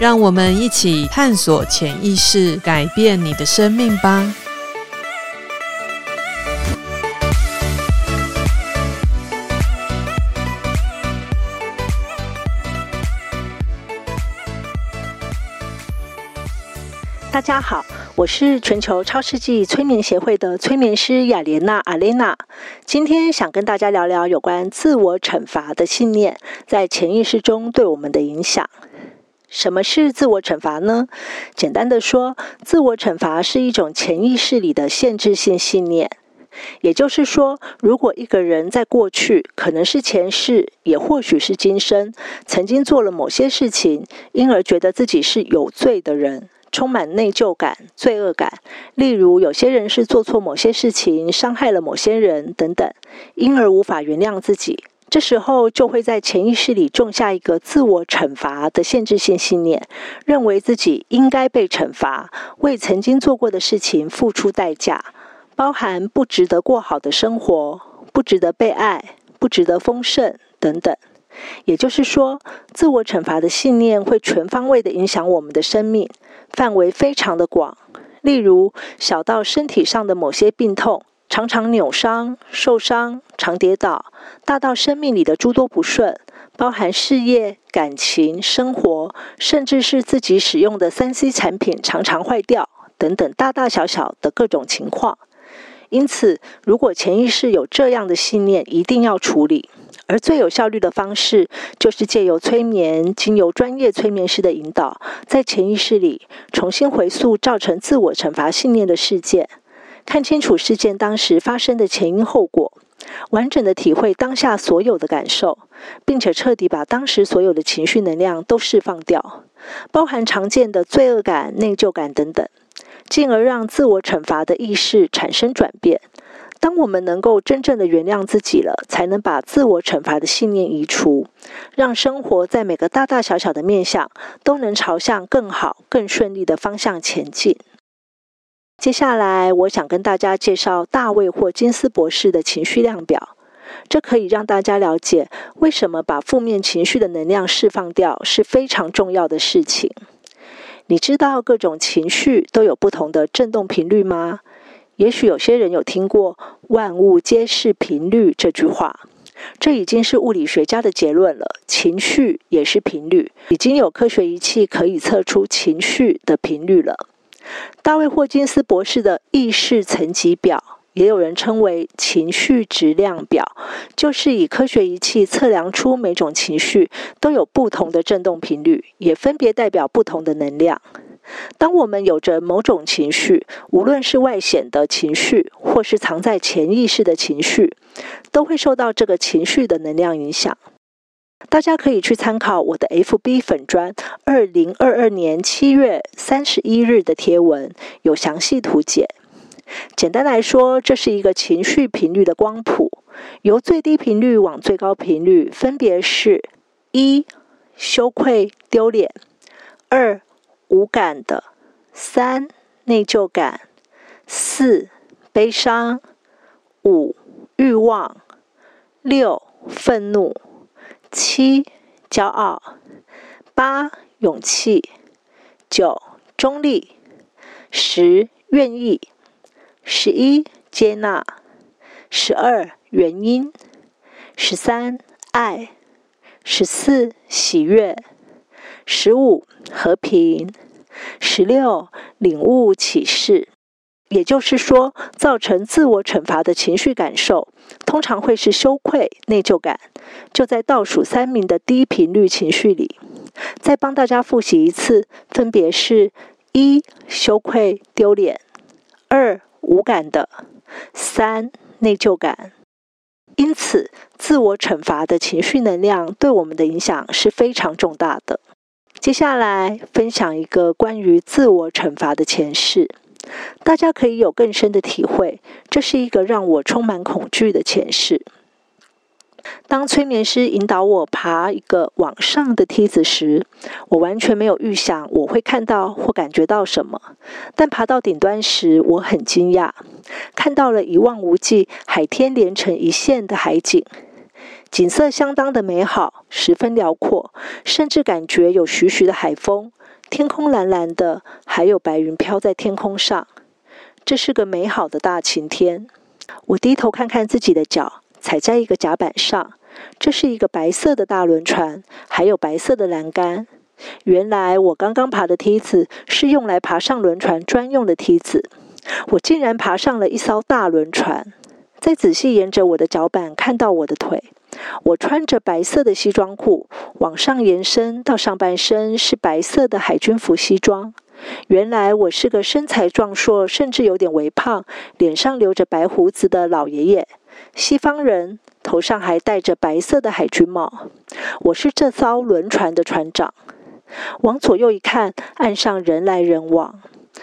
讓我們一起探索潛意識，改變你的生命吧！大家好，我是全球超世紀催眠協會的催眠師雅蓮娜 Alena。今天想跟大家聊聊有關自我懲罰的信念，在潛意識中對我們的影響。什麼是自我懲罰呢？簡單的說，自我懲罰是一種潛意識裡的限制性信念。也就是說，如果一個人在過去，可能是前世，也或許是今生，曾經做了某些事情，因而覺得自己是有罪的人，充滿內疚感、罪惡感。例如，有些人是做錯某些事情，傷害了某些人等等，因而無法原諒自己。這時候就會在潛意識裡種下一個自我懲罰的限制性信念，認為自己應該被懲罰，為曾經做過的事情付出代價，包含不值得過好的生活、不值得被愛、不值得豐盛等等。也就是說，自我懲罰的信念會全方位地影響我們的生命，範圍非常的廣，例如小到身體上的某些病痛。常常扭傷、受傷，常跌倒，大到生命裡的諸多不順，包含事業、感情、生活，甚至是自己使用的三 C 產品常常壞掉等等，大大小小的各種情況。因此，如果潛意識有這樣的信念，一定要處理。而最有效率的方式，就是借由催眠，經由專業催眠師的引導，在潛意識裡重新回溯造成自我懲罰信念的事件。看清楚事件當時發生的前因後果，完整的體會當下所有的感受，並且徹底把當時所有的情緒能量都釋放掉，包含常見的罪惡感、內疚感等等，進而讓自我懲罰的意識產生轉變。當我們能夠真正的原諒自己了，才能把自我懲罰的信念移除，讓生活在每個大大小小的面向都能朝向更好、更順利的方向前進。接下來，我想跟大家介紹大衛·霍金斯博士的情緒量表。這可以讓大家了解為什麼把負面情緒的能量釋放掉，是非常重要的事情。你知道各種情緒都有不同的振動頻率嗎？也許有些人有聽過“萬物皆是頻率”這句話。這已經是物理學家的結論了。情緒也是頻率，已經有科學儀器可以測出情緒的頻率了。大衛霍金斯博士的意識層級表，也有人稱為情緒質量表，就是以科學儀器測量出每種情緒都有不同的振動頻率，也分別代表不同的能量。當我們有着某種情緒，無論是外顯的情緒，或是藏在潛意識的情緒，都會受到這個情緒的能量影響。大家可以去參考我的 FB 粉專二零二二年七月三十一日的貼文，有詳細圖解。簡單來說，這是一個情緒頻率的光譜，由最低頻率往最高頻率，分別是：一、羞愧丟臉；二、無感的；三、內疚感；四、悲傷；五、慾望；六、憤怒。七，驕傲；八，勇氣；九，中立；十，願意；十一，接納；十二，原因；十三，愛；十四，喜悅；十五，和平；十六，領悟啟示。也就是說，造成自我懲罰的情緒感受，通常會是羞愧、內疚感。就在倒數三名的低頻率情緒裡，再幫大家複習一次，分別是：一、羞愧、丟臉；二、無感的；三、內疚感。因此，自我懲罰的情緒能量對我們的影響是非常重大的。接下來，分享一個關於自我懲罰的前世。大家可以有更深的體會，這是一個讓我充滿恐懼的前世。當催眠師引導我爬一個往上的梯子時，我完全沒有預想我會看到或感覺到什麼，但爬到頂端時，我很驚訝，看到了一望無際、海天連成一線的海景。景色相當的美好，十分遼闊，甚至感覺有徐徐的海風。天空藍藍的，還有白雲飄在天空上。這是個美好的大晴天。我低頭看看自己的腳，踩在一個甲板上。這是一個白色的大輪船，還有白色的欄杆。原來我剛剛爬的梯子是用來爬上輪船專用的梯子。我竟然爬上了一艘大輪船。再仔細沿着我的腳板，看到我的腿。我穿着白色的西裝褲，往上延伸到上半身是白色的海軍服西裝。原來我是個身材壯碩，甚至有點微胖，臉上留着白鬍子的老爺爺，西方人，頭上還戴着白色的海軍帽。我是這艘輪船的船長。往左右一看，岸上人來人往。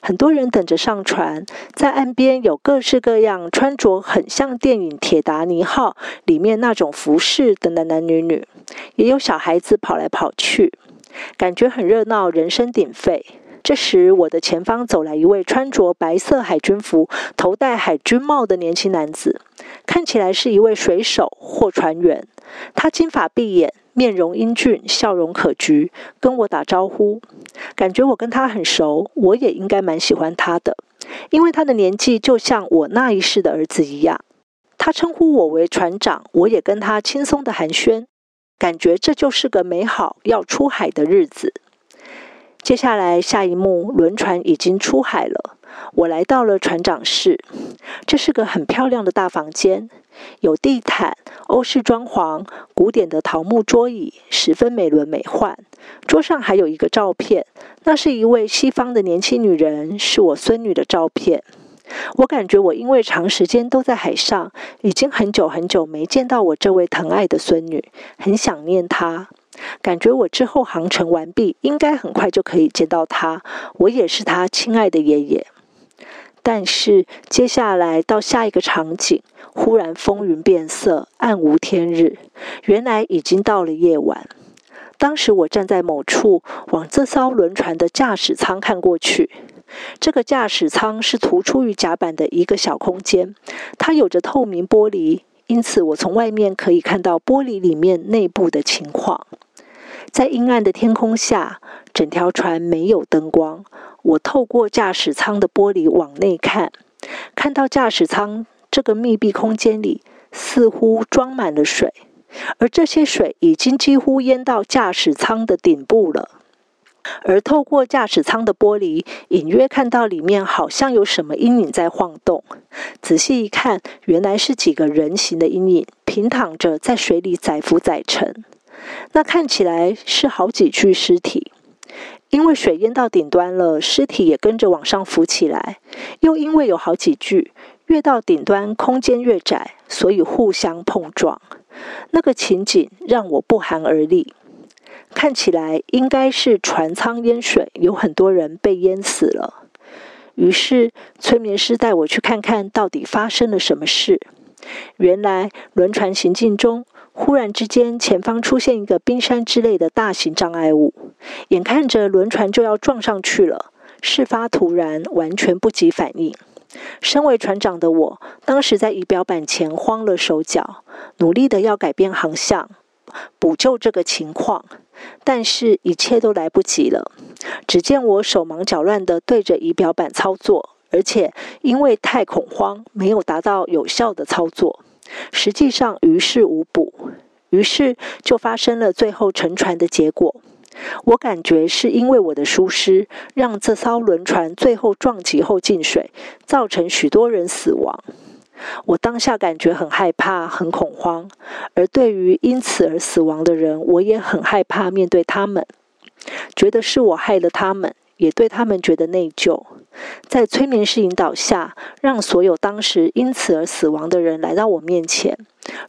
很多人等着上船，在岸邊有各式各樣穿着很像電影《鐵達尼號》裡面那種服飾的男男女女，也有小孩子跑來跑去，感覺很熱鬧，人聲鼎沸。這時，我的前方走來一位穿着白色海軍服、頭戴海軍帽的年輕男子，看起來是一位水手或船員。他金髮碧眼，面容英俊，笑容可掬，跟我打招呼。感覺我跟他很熟，我也應該蠻喜歡他的，因為他的年紀就像我那一世的兒子一樣。他稱呼我為船長，我也跟他輕鬆的寒暄，感覺這就是個美好要出海的日子。接下來，下一幕，輪船已經出海了。我來到了船長室，這是個很漂亮的大房間，有地毯、歐式裝潢、古典的桃木桌椅，十分美輪美奐。桌上還有一個照片，那是一位西方的年輕女人，是我孫女的照片。我感覺我因為長時間都在海上，已經很久很久沒見到我這位疼愛的孫女，很想念她。感覺我之後航程完畢，應該很快就可以見到他。我也是他親愛的爺爺。但是接下來到下一個場景，忽然風雲變色，暗無天日。原來已經到了夜晚。當時我站在某處，往這艘輪船的駕駛艙看過去。這個駕駛艙是突出於甲板的一個小空間，它有着透明玻璃，因此我從外面可以看到玻璃裡面內部的情況。在陰暗的天空下，整條船沒有燈光。我透過駕駛艙的玻璃往內看，看到駕駛艙這個密閉空間裡似乎裝滿了水，而這些水已經幾乎淹到駕駛艙的頂部了。而透過駕駛艙的玻璃，隱約看到裡面好像有什麼陰影在晃動。仔細一看，原來是幾個人形的陰影平躺着在水裡載浮載沉。那看起來是好幾具屍體，因為水淹到頂端了，屍體也跟着往上浮起來。又因為有好幾具，越到頂端空間越窄，所以互相碰撞。那個情景讓我不寒而慄。看起來應該是船艙淹水，有很多人被淹死了。於是催眠師帶我去看看到底發生了什麼事。原來輪船行進中。忽然之間，前方出現一個冰山之類的大型障礙物，眼看着輪船就要撞上去了。事發突然，完全不及反應。身為船長的我，當時在儀表板前慌了手腳，努力的要改變航向，補救這個情況，但是一切都來不及了。只見我手忙腳亂的對着儀表板操作，而且因為太恐慌，沒有達到有效的操作。實際上於事無補，於是就發生了最後沉船的結果。我感覺是因為我的疏失，讓這艘輪船最後撞擊後進水，造成許多人死亡。我當下感覺很害怕、很恐慌，而對於因此而死亡的人，我也很害怕面對他們，覺得是我害了他們。也對他們覺得內疚，在催眠師引導下，讓所有當時因此而死亡的人來到我面前，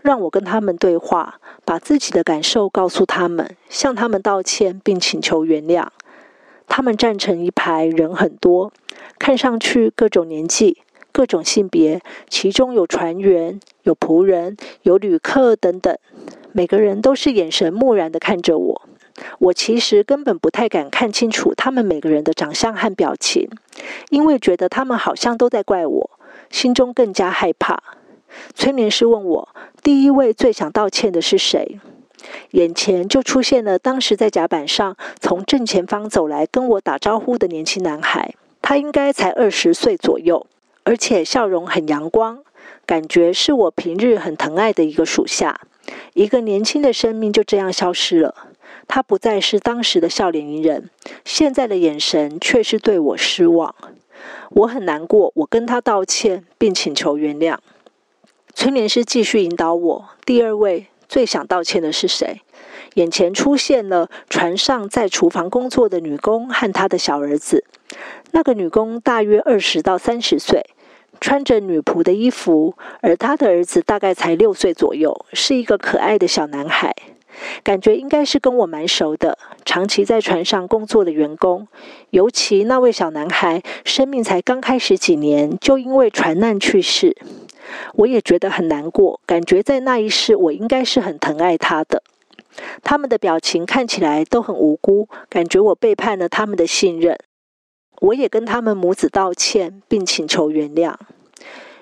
讓我跟他們對話，把自己的感受告訴他們，向他們道歉並請求原諒。他們站成一排，人很多，看上去各種年紀、各種性別，其中有船員、有僕人、有旅客等等，每個人都是眼神漠然的看着我。我其實根本不太敢看清楚他們每個人的長相和表情，因為覺得他們好像都在怪我，心中更加害怕。催眠師問我，第一位最想道歉的是誰？眼前就出現了當時在甲板上從正前方走來跟我打招呼的年輕男孩，他應該才二十歲左右，而且笑容很陽光，感覺是我平日很疼愛的一個屬下。一個年輕的生命就這樣消失了。他不再是當時的笑臉迎人，現在的眼神卻是對我失望。我很難過，我跟他道歉，並請求原諒。催眠師繼續引導我：第二位最想道歉的是誰？眼前出現了船上在廚房工作的女工和她的小兒子。那個女工大約二十到三十歲，穿着女僕的衣服，而她的兒子大概才六歲左右，是一個可愛的小男孩。感覺應該是跟我蠻熟的，長期在船上工作的員工，尤其那位小男孩，生命才剛開始幾年就因為船難去世，我也覺得很難過。感覺在那一世，我應該是很疼愛他的。他們的表情看起來都很無辜，感覺我背叛了他們的信任。我也跟他們母子道歉，並請求原諒。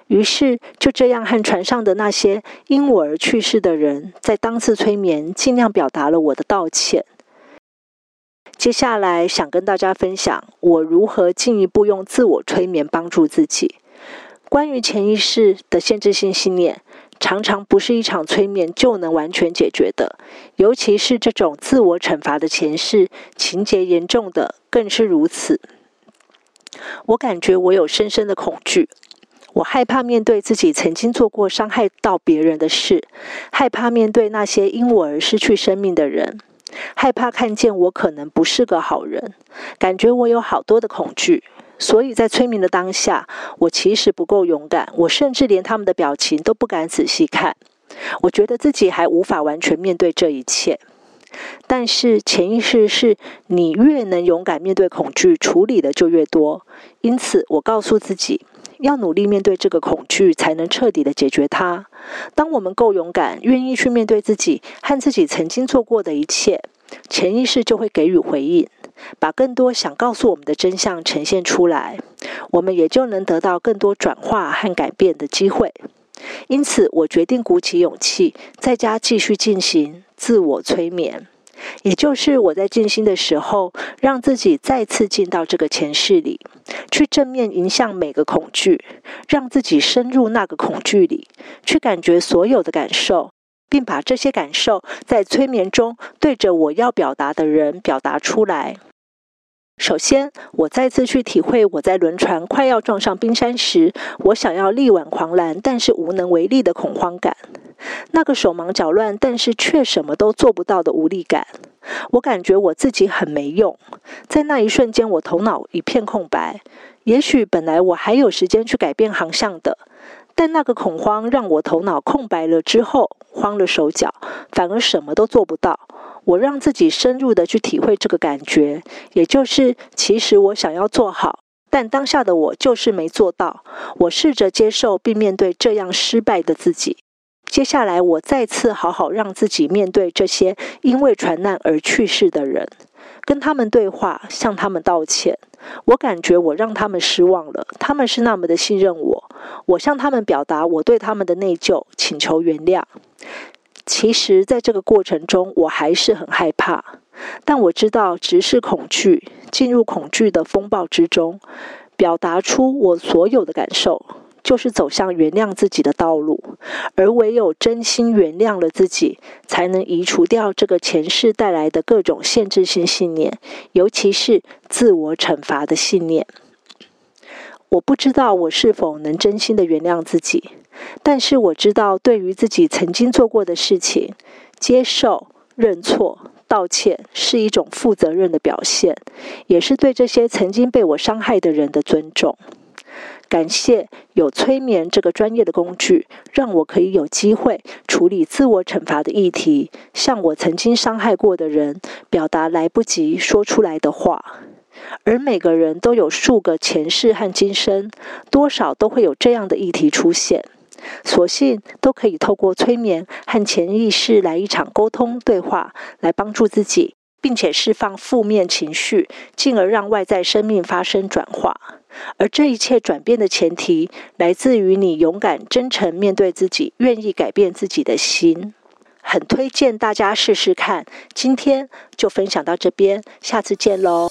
於是，就這樣和船上的那些因我而去世的人，在當次催眠，盡量表達了我的道歉。接下來，想跟大家分享我如何進一步用自我催眠幫助自己。關於潛意識的限制性信念，常常不是一場催眠就能完全解決的，尤其是這種自我懲罰的前世情節嚴重的更是如此。我感覺我有深深的恐懼。我害怕面對自己曾經做過傷害到別人的事，害怕面對那些因我而失去生命的人，害怕看見我可能不是個好人，感覺我有好多的恐懼。所以在催眠的當下，我其實不夠勇敢，我甚至連他們的表情都不敢仔細看。我覺得自己還無法完全面對這一切，但是潛意識是你越能勇敢面對恐懼，處理的就越多。因此，我告訴自己。要努力面對這個恐懼，才能徹底的解決它。當我們夠勇敢，願意去面對自己和自己曾經做過的一切，潛意識就會給予回應，把更多想告訴我們的真相呈現出來，我們也就能得到更多轉化和改變的機會。因此，我決定鼓起勇氣，在家繼續進行自我催眠。也就是我在靜心的時候，讓自己再次進到這個前世裡，去正面迎向每個恐懼，讓自己深入那個恐懼裡，去感覺所有的感受，並把這些感受在催眠中對着我要表達的人表達出來。首先，我再次去體會我在輪船快要撞上冰山時，我想要力挽狂瀾，但是無能為力的恐慌感。那個手忙腳亂，但是卻什麼都做不到的無力感。我感覺我自己很沒用。在那一瞬間，我頭腦一片空白。也許本來我還有時間去改變航向的，但那個恐慌讓我頭腦空白了之後，慌了手腳，反而什麼都做不到。我讓自己深入的去體會這個感覺，也就是其實我想要做好，但當下的我就是沒做到。我試着接受並面對這樣失敗的自己。接下來，我再次好好讓自己面對這些因為船難而去世的人，跟他們對話，向他們道歉。我感覺我讓他們失望了，他們是那麼的信任我。我向他們表達我對他們的內疚，請求原諒。其實，在這個過程中，我還是很害怕。但我知道，直視恐懼，進入恐懼的風暴之中，表達出我所有的感受，就是走向原諒自己的道路。而唯有真心原諒了自己，才能移除掉這個前世帶來的各種限制性信念，尤其是自我懲罰的信念。我不知道我是否能真心的原諒自己，但是我知道，對於自己曾經做過的事情，接受、認錯、道歉是一種負責任的表現，也是對這些曾經被我傷害的人的尊重。感謝有催眠這個專業的工具，讓我可以有機會處理自我懲罰的議題，向我曾經傷害過的人表達來不及說出來的話。而每個人都有數個前世和今生，多少都會有這樣的議題出現。所幸都可以透過催眠和潛意識來一場溝通對話，來幫助自己，並且釋放負面情緒，進而讓外在生命發生轉化。而這一切轉變的前提，來自於你勇敢、真誠面對自己，願意改變自己的心。很推薦大家試試看。今天就分享到這邊，下次見嘍！